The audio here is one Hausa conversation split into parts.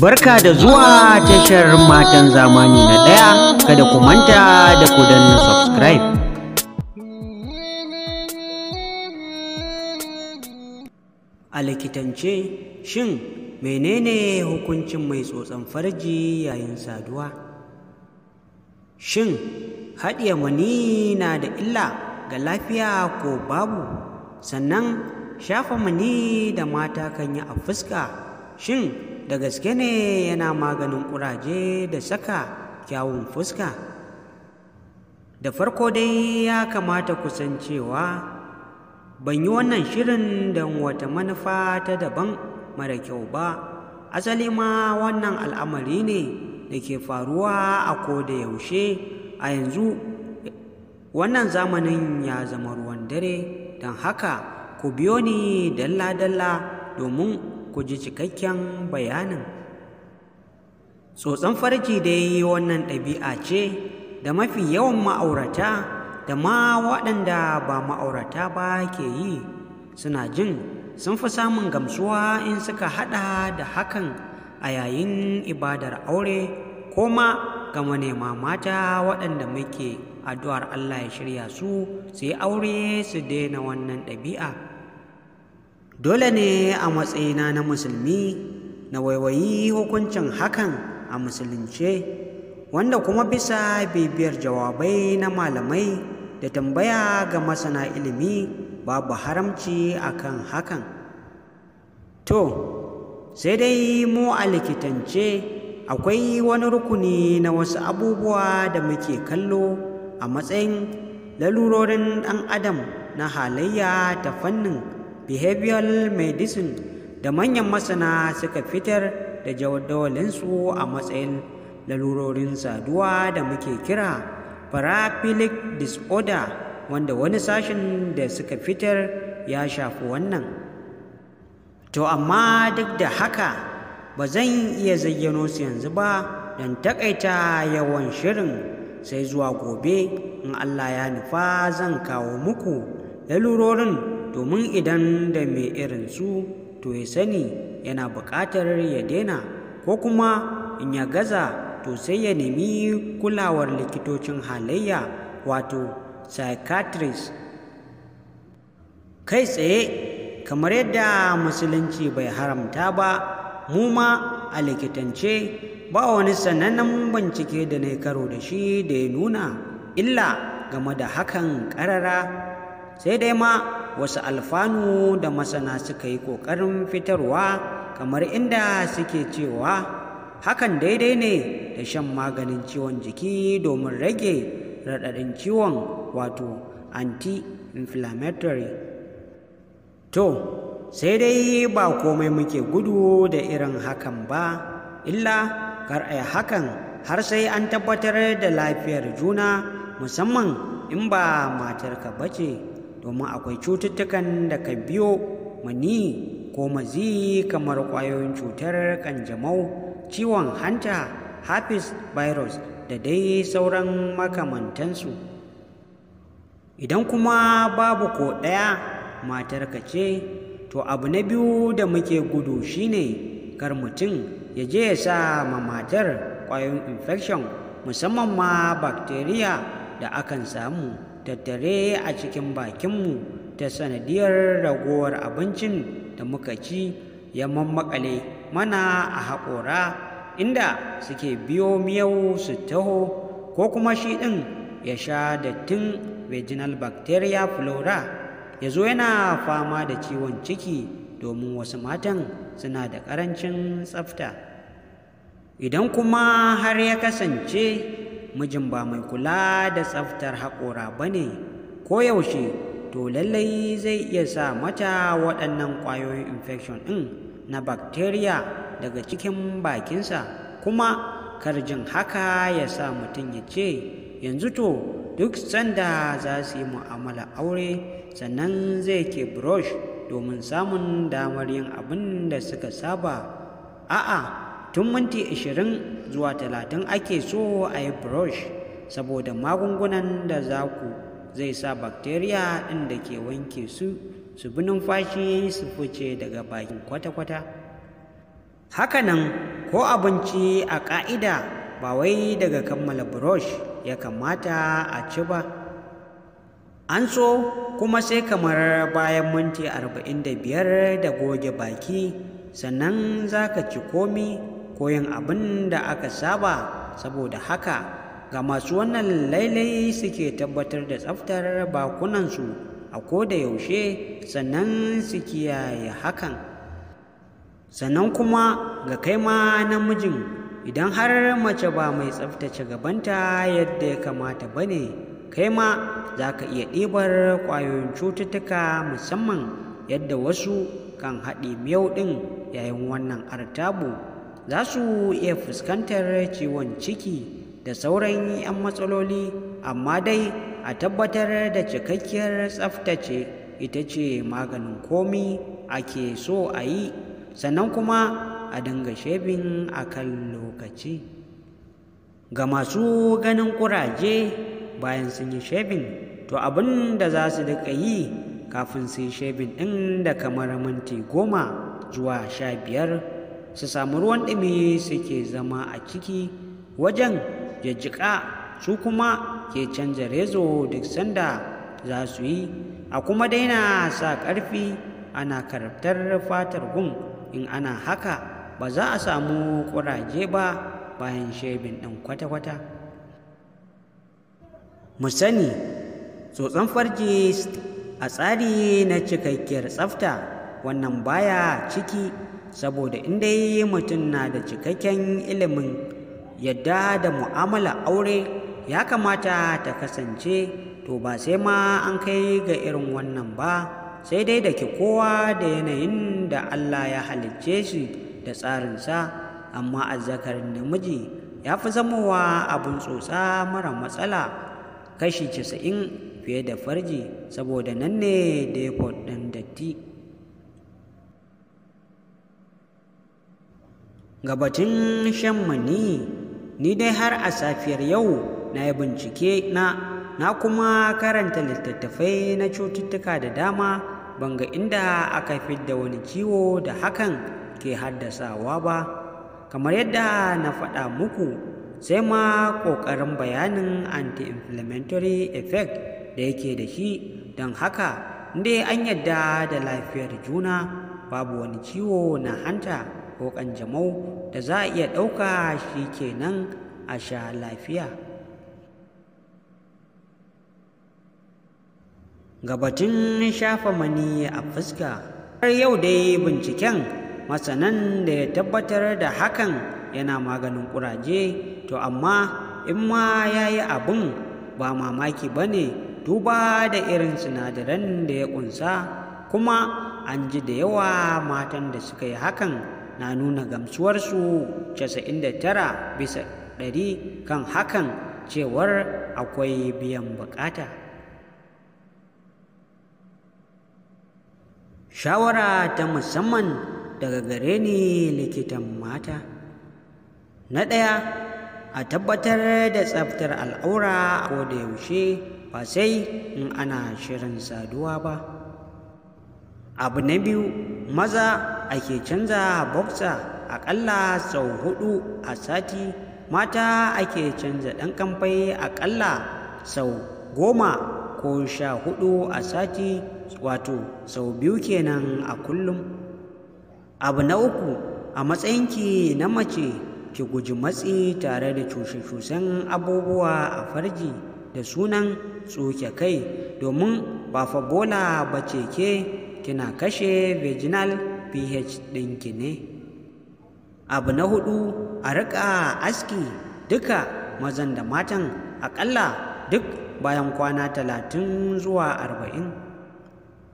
Barka da zuwa tashar matan zamani na ɗaya kada ku manta da ku danna subscribe. A likitance shin menene hukuncin mai tsotson farji yayin saduwa? Shin haɗiye mani na da illa ga lafiya ko babu? Sannan shafa mani da mata kan yi a fuska shin da gaske ne yana maganin ƙuraje da saka kyawun fuska da farko dai ya kamata kusan cewa ban yi wannan shirin don wata manufa ta daban mara kyau ba asali ma wannan al'amari ne da ke faruwa a ko da yaushe a yanzu wannan zamanin ya zama ruwan dare don haka ku biyo ni dalla-dalla domin ku ji cikakken bayanin tsotson da yi wannan ɗabi'a ce da mafi yawan ma'aurata da ma waɗanda ba ma'aurata ba ke yi suna jin sun fi samun gamsuwa in suka haɗa da hakan a yayin ibadar aure ko ma ga manema mata waɗanda muke addu'ar Allah ya shirya su su yi aure su daina wannan ɗabi'a. dole ne a matsayina na musulmi na waiwayi hukuncin hakan a musulunce wanda kuma bisa bibiyar jawabai na malamai da tambaya ga masana ilimi babu haramci akan hakan to sai dai mu a likitance akwai wani rukuni na wasu abubuwa da muke kallo a matsayin lalurorin ɗan adam na halayya ta fannin behavioral medicine da manyan masana suka fitar da jadawalinsu a matsayin lalurorin saduwa da muke kira paraphilic disorder wanda wani sashen da suka fitar ya shafi wannan to amma duk da haka ba zan iya zayyano su yanzu ba don takaita yawan shirin sai zuwa gobe in allah ya nufa zan kawo muku lalurorin domin idan da mai irin su to ya sani yana buƙatar ya daina ko kuma in ya gaza to sai ya nemi kulawar likitocin halayya wato psychiatrist kai tsaye kamar yadda musulunci bai haramta ba mu ma a likitance ba wani sanannen bincike da na karo da shi da ya nuna illa game da hakan ƙarara, sai dai ma wasu alfanu da masana suka yi ƙoƙarin fitarwa kamar inda suke cewa hakan daidai ne da shan maganin ciwon jiki domin rage raɗaɗin ciwon wato anti-inflammatory to sai dai ba komai muke gudu da irin hakan ba illa kar a hakan har sai an tabbatar da lafiyar juna musamman in ba matarka bace. ce domin akwai cututtukan da ka biyo mani ko mazi kamar ƙwayoyin cutar kanjamau ciwon hanta herpes virus da dai sauran makamantansu idan kuma babu ko ɗaya ka ce to abu na biyu da muke gudu shine kar mutum ya je ya sa ma matar ƙwayoyin infection musamman ma bacteria da akan samu tattare a cikin bakinmu ta sanadiyar ragowar abincin da muka ci ya mammakale mana a haƙora inda suke biyo miyau su taho ko kuma shi ɗin ya sha dattin vaginal bacteria flora ya zo yana fama da ciwon ciki domin wasu matan suna da ƙarancin tsafta idan kuma har ya kasance mijin ba mai kula da tsaftar haƙora ba ne koyaushe to lallai zai iya sa mata waɗannan ƙwayoyin infection ɗin na bacteria daga cikin bakinsa kuma karjin haka ya sa mutum ya ce yanzu to duk sanda za su yi mu'amala aure sannan zai ke brush domin samun damar yin abin da suka saba a'a tun minti 20 zuwa 30 ake so a yi brush saboda magungunan da za ku zai sa bakteriya ɗin da ke wanke su su bi numfashi su fice daga bakin kwata-kwata hakanan ko abinci a ƙa'ida ba wai daga kammala brush ya kamata a ci ba an so kuma sai kamar bayan minti 45 da goge baki sannan za ka ci komi ko yin abin da aka saba saboda haka ga masu wannan lailai suke tabbatar da tsaftar bakunansu a ko da yaushe sannan su kiyaye hakan sannan kuma ga kai ma namijin idan har mace ba mai tsaftace gabanta yadda ya kamata ba ne kai ma za ka iya ɗibar ƙwayoyin cututtuka musamman yadda wasu kan haɗe miyau ɗin yayin wannan artabu. za su iya fuskantar ciwon ciki da sauran 'yan matsaloli amma dai a tabbatar da cikakkiyar tsaftace ita ce maganin komi ake so a yi sannan kuma a dinga shebin a kan lokaci ga masu ganin kuraje bayan sun yi shebin to abin da za su duka yi kafin su yi shebin ɗin da kamar minti goma zuwa sha biyar su samu ruwan ɗumi suke zama a ciki wajen ya jiƙa su kuma ke canza rezo duk sanda za su yi a kuma daina sa ƙarfi ana karabtar fatar gun in ana haka ba za a samu ƙuraje ba bayan shebin ɗin kwata-kwata mu sani tsotson farji a tsari na cikakkiyar tsafta wannan baya ciki saboda in dai mutum na da cikakken ilimin yadda da mu'amala aure ya kamata ta kasance to ba sai ma an kai ga irin wannan ba sai dai da ke kowa da yanayin da Allah ya halicce shi da tsarinsa amma azzakarin namiji ya fi zamowa abin tsotsa mara matsala kashi 90 fiye da farji saboda nan ne da ya datti. gabatin shan mani ni dai har a safiyar yau na yi bincike na na kuma karanta littattafai na cututtuka da dama ban ga inda aka fi da wani ciwo da hakan ke haddasawa ba kamar yadda na faɗa muku sai ma ƙoƙarin bayanin anti-inflammatory effect da yake da shi don haka dai an yadda da lafiyar juna babu wani ciwo na hanta ko ƙanjamau da za a iya ɗauka shi kenan a sha lafiya gabatun shafa mani a fuska har yau dai binciken masanan da ya tabbatar da hakan yana maganin ƙuraje to amma in ma ya yi abin ba mamaki ba ne duba da irin sinadaran da ya ƙunsa kuma an ji da yawa matan da suka yi hakan na nuna gamsuwarsu casa'in da tara bisa ɗari kan hakan cewar akwai biyan buƙata. Shawara ta musamman daga gare ni likitan mata. Na ɗaya, a tabbatar da tsaftar al'aura ko da yaushe ba sai in ana shirin saduwa ba. Abu na biyu, maza ake canza boxer aƙalla sau hudu a sati mata ake canza ɗan kamfai aƙalla sau goma ko sha hudu a sati wato sau biyu kenan a kullum abu na uku a matsayinki na mace ki guji matsi tare da cushe-cushen abubuwa a farji da sunan tsoke kai domin ba fa bola ba ce ke kina kashe vaginal ph ɗinki ne abu na hudu a riƙa aski duka mazan da matan aƙalla duk bayan kwana talatin zuwa arba'in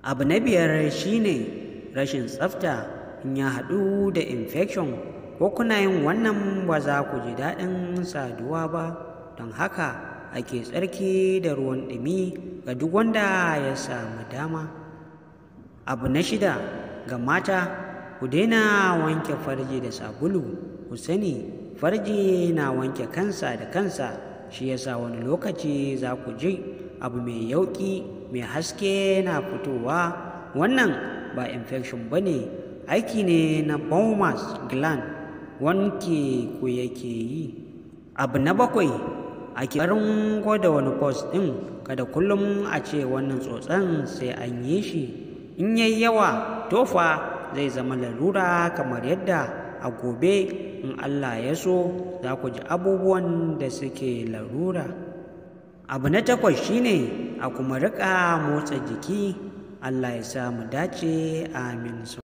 abu na biyar shine rashin tsafta in ya haɗu da infection ko kuna yin wannan ba za ku ji daɗin saduwa ba don haka ake tsarki da ruwan ɗumi ga duk wanda ya samu dama abu na shida ga mata ku daina wanke farji da sabulu ku sani farji na wanke kansa da kansa shi yasa wani lokaci za ku ji abu mai yauƙi mai haske na fitowa wannan ba infection ba ne aiki ne na bowman's gland wanke ku yake yi abu na bakwai a ƙoƙarin gwada wani post ɗin kada kullum a ce wannan tsotsan sai an yi shi in yayi yawa tofa zai zama larura kamar yadda a gobe in Allah ya so za ku ji abubuwan da suke larura abu na takwas shine a kuma riƙa motsa jiki Allah ya sa mu dace amin